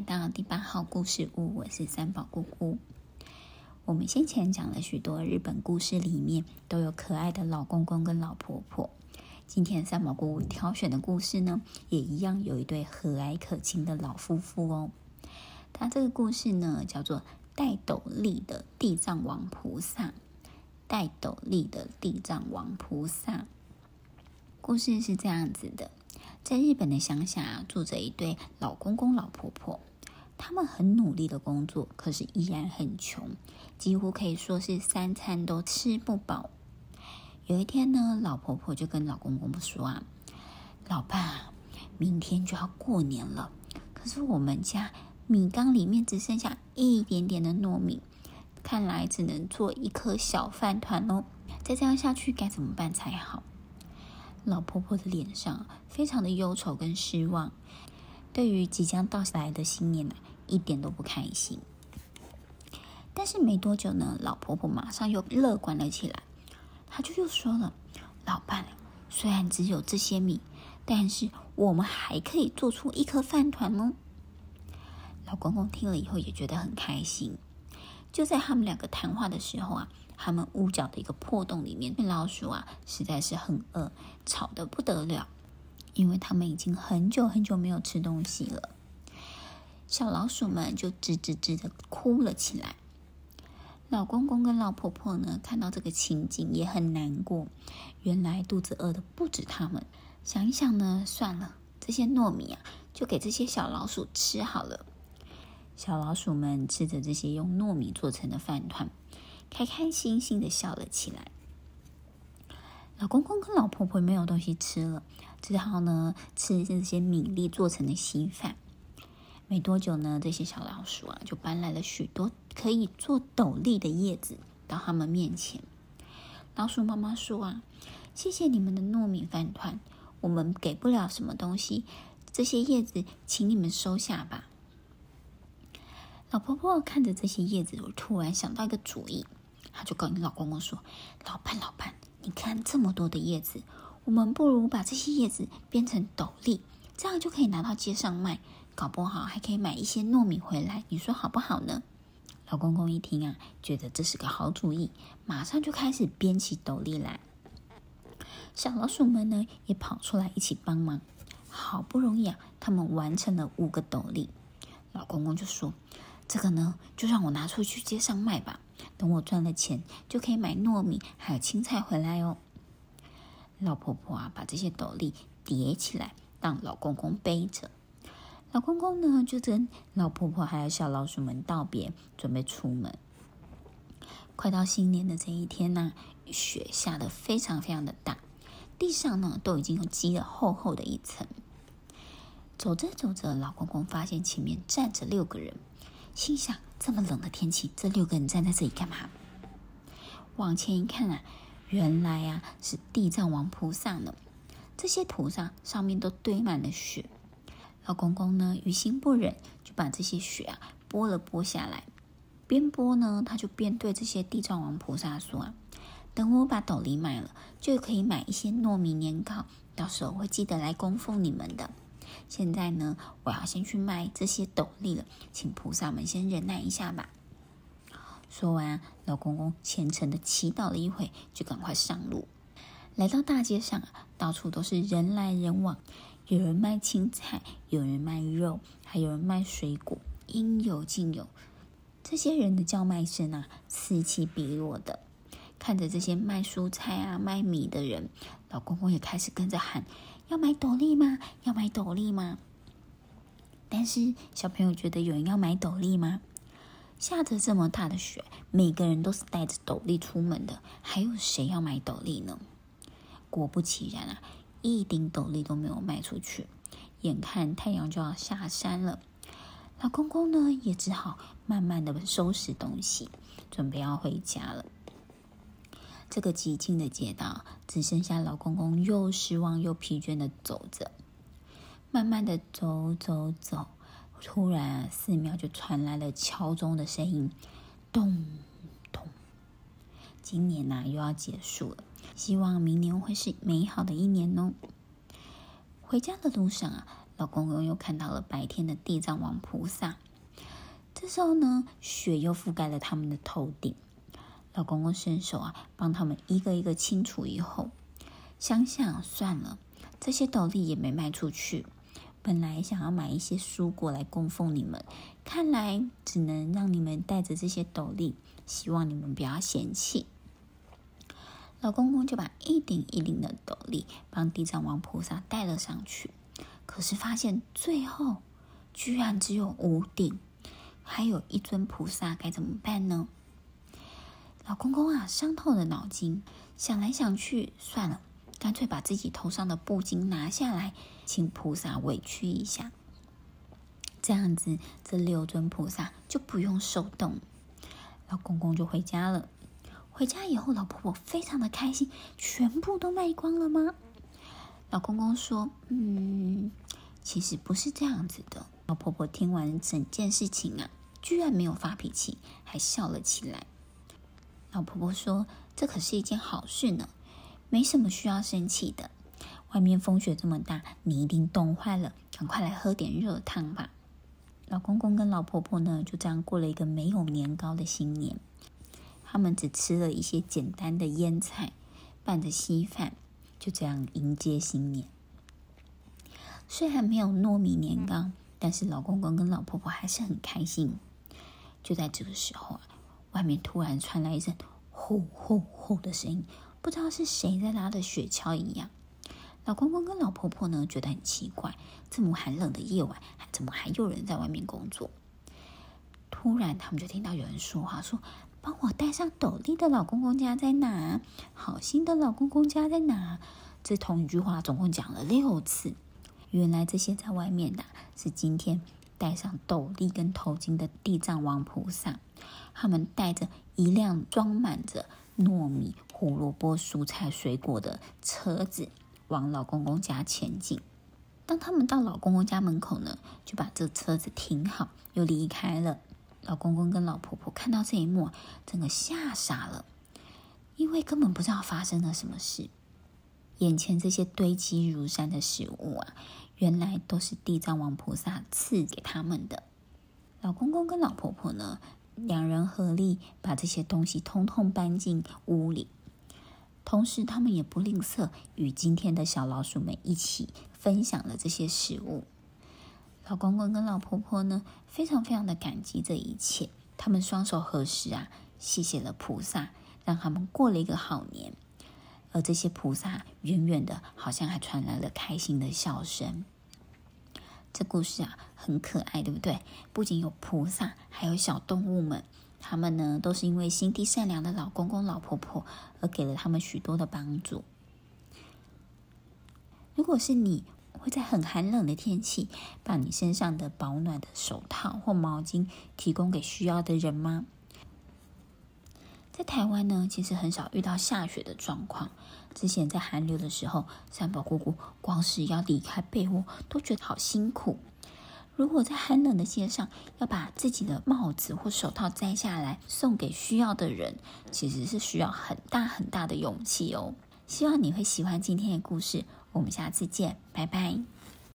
來到第八號故事屋，我是三寶姑姑。我們先前講了許多日本故事，裡面都有可愛的老公公跟老婆婆。今天三寶姑姑挑選的故事呢，也一樣有一對和藹可親的老夫婦哦。他這個故事呢，叫做《戴斗笠的地藏王菩薩》。戴斗笠的地藏王菩薩。故事是這樣子的：在日本的鄉下啊，住着一對老公公老婆婆。他們很努力的工作，可是依然很窮，幾乎可以說是三餐都吃不飽。有一天呢，老婆婆就跟老公公說：“啊，老爸，明天就要過年了，可是我們家米缸裡面只剩下一點點的糯米，看來只能做一顆小飯糰哦，再這樣下去該怎麼辦才好？”老婆婆的臉上非常的憂愁跟失望，對於即將到來的新年呢。一點都不開心，但是沒多久呢，老婆婆馬上又樂觀了起來，她就又說了：“老伴，雖然只有這些米，但是我們還可以做出一顆飯糰哦。”老公公聽了以後也覺得很開心。就在他們兩個談話的時候啊，他們屋角的一個破洞裡面，那老鼠啊實在是很餓，吵得不得了，因為他們已經很久很久沒有吃東西了。小老鼠們就吱吱吱的哭了起來。老公公跟老婆婆呢，看到這個情景也很難過。原來肚子餓的不止他們。想一想呢，算了，這些糯米啊，就給這些小老鼠吃好了。小老鼠們吃着這些用糯米做成的飯團，開開心心的笑了起來。老公公跟老婆婆沒有東西吃了，只好呢，吃這些米粒做成的稀飯。沒多久呢，這些小老鼠啊，就搬來了許多可以做斗笠的葉子到他們面前。老鼠媽媽說：“啊，謝謝你們的糯米飯團，我們給不了什麼東西，這些葉子請你們收下吧。”老婆婆看着這些葉子，我突然想到一個主意，她就跟老公公說：“老伴，老伴，你看這麼多的葉子，我們不如把這些葉子變成斗笠，這樣就可以拿到街上賣。”搞不好還可以買一些糯米回來，你說好不好呢？老公公一聽啊，覺得這是個好主意，馬上就開始編起斗笠來。小老鼠們呢也跑出來一起幫忙。好不容易啊，他們完成了五個斗笠。老公公就說：“這個呢，就讓我拿出去街上賣吧。等我賺了錢，就可以買糯米還有青菜回來哦。”老婆婆啊，把這些斗笠疊起來，讓老公公背着。老公公呢，就跟老婆婆還有小老鼠們道別，準備出門。快到新年的這一天呢、啊，雪下得非常非常的大，地上呢都已經積了厚厚的一層。走着走着，老公公發現前面站着六個人，心想：這麼冷的天氣，這六個人站在這裡幹嘛？往前一看啊，原來啊是地藏王菩薩呢。這些菩薩上面都堆滿了雪。老公公呢，於心不忍，就把這些雪啊撥了撥下來。邊撥呢，他就邊對這些地藏王菩薩說：“啊，等我把斗笠賣了，就可以買一些糯米年糕，到時候會記得來供奉你們的。現在呢，我要先去賣這些斗笠了，請菩薩們先忍耐一下吧。”說完啊，老公公虔誠地祈禱了一回，就趕快上路。來到大街上啊，到處都是人來人往。有人賣青菜，有人賣肉，還有人賣水果，應有盡有。這些人的叫賣聲啊，此起彼落的。看着這些賣蔬菜啊、賣米的人，老公公也開始跟着喊：“要買斗笠嗎？要買斗笠嗎？”但是小朋友覺得有人要買斗笠嗎？下着這麼大的雪，每個人都是戴着斗笠出門的，還有誰要買斗笠呢？果不其然啊！一頂斗笠都沒有賣出去，眼看太陽就要下山了，老公公呢也只好慢慢的收拾東西，準備要回家了。這個寂靜的街道，只剩下老公公又失望又疲倦的走着，慢慢的走走走，突然、啊、寺廟就傳來了敲鐘的聲音，咚咚，今年呢、啊、又要結束了。希望明年會是美好的一年哦。回家的路上啊，老公公又看到了白天的地藏王菩薩。這時候呢，雪又覆蓋了他們的頭頂。老公公伸手啊，幫他們一個一個清除以後，想想啊，算了，這些斗笠也沒賣出去。本來想要買一些蔬果來供奉你們，看來只能讓你們帶着這些斗笠。希望你們不要嫌棄。老公公就把一頂一頂的斗笠幫地藏王菩薩戴了上去，可是發現最後居然只有五頂，還有一尊菩薩該怎麼辦呢？老公公啊，傷透了腦筋，想來想去，算了，乾脆把自己頭上的布巾拿下來，請菩薩委屈一下，這樣子這六尊菩薩就不用受凍。老公公就回家了。回家以後，老婆婆非常的開心，全部都賣光了嗎？老公公說：“嗯，其實不是這樣子的。”老婆婆聽完整件事情啊，居然沒有發脾氣，還笑了起來。老婆婆說：“這可是一件好事呢，沒什麼需要生氣的。外面風雪這麼大，你一定凍壞了，趕快來喝點熱湯吧。”老公公跟老婆婆呢，就這樣過了一個沒有年糕的新年。他們只吃了一些簡單的醃菜，拌着稀飯，就這樣迎接新年。雖然沒有糯米年糕，但是老公公跟老婆婆還是很開心。就在這個時候，外面突然傳來一陣“呼呼呼”的聲音，不知道是誰在拉著雪橇，一樣。老公公跟老婆婆呢，覺得很奇怪，這麼寒冷的夜晚，怎麼還有人在外面工作？突然，他們就聽到有人說話，說。幫我戴上斗笠的老公公家在哪？好心的老公公家在哪？這同一句話總共講了六次。原來這些在外面的是今天戴上斗笠跟頭巾的地藏王菩薩，他們帶着一輛裝滿着糯米、胡蘿蔔、蔬菜、水果的車子往老公公家前進。當他們到老公公家門口呢，就把這車子停好，又離開了。老公公跟老婆婆看到這一幕，整個嚇傻了，因為根本不知道發生了什麼事。眼前這些堆積如山的食物啊，原來都是地藏王菩薩賜給他們的。老公公跟老婆婆呢，兩人合力把這些東西通通搬進屋裡，同時他們也不吝嗇，與今天的小老鼠們一起分享了這些食物。老公公跟老婆婆呢，非常非常的感激這一切。他們雙手合十啊，謝謝了菩薩，讓他們過了一個好年。而這些菩薩遠遠的，好像還傳來了開心的笑聲。這故事啊，很可愛，對不對？不僅有菩薩，還有小動物們。他們呢，都是因為心地善良的老公公、老婆婆，而給了他們許多的幫助。如果是你，會在很寒冷的天氣，把你身上的保暖的手套或毛巾提供給需要的人嗎？在台灣呢，其實很少遇到下雪的狀況。之前在寒流的時候，三寶姑姑光是要離開被窩都覺得好辛苦。如果在寒冷的街上要把自己的帽子或手套摘下來送給需要的人，其實是需要很大很大的勇氣哦。希望你會喜歡今天的故事。我們下次見，拜拜。